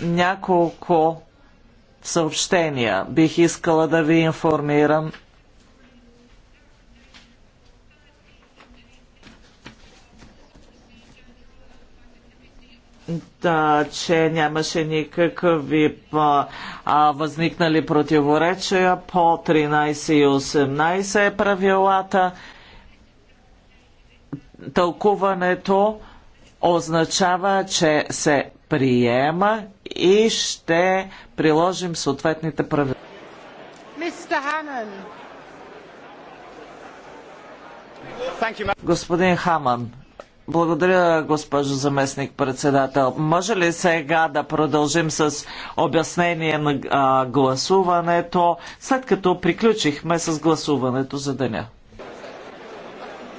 Няколко съобщения бих искала да ви информирам. Да, че нямаше никакви а, възникнали противоречия по 13 и 18 е правилата. Тълкуването означава, че се приема и ще приложим съответните правила. Господин Хаман, благодаря, госпожо заместник председател. Може ли сега да продължим с обяснение на а, гласуването, след като приключихме с гласуването за деня?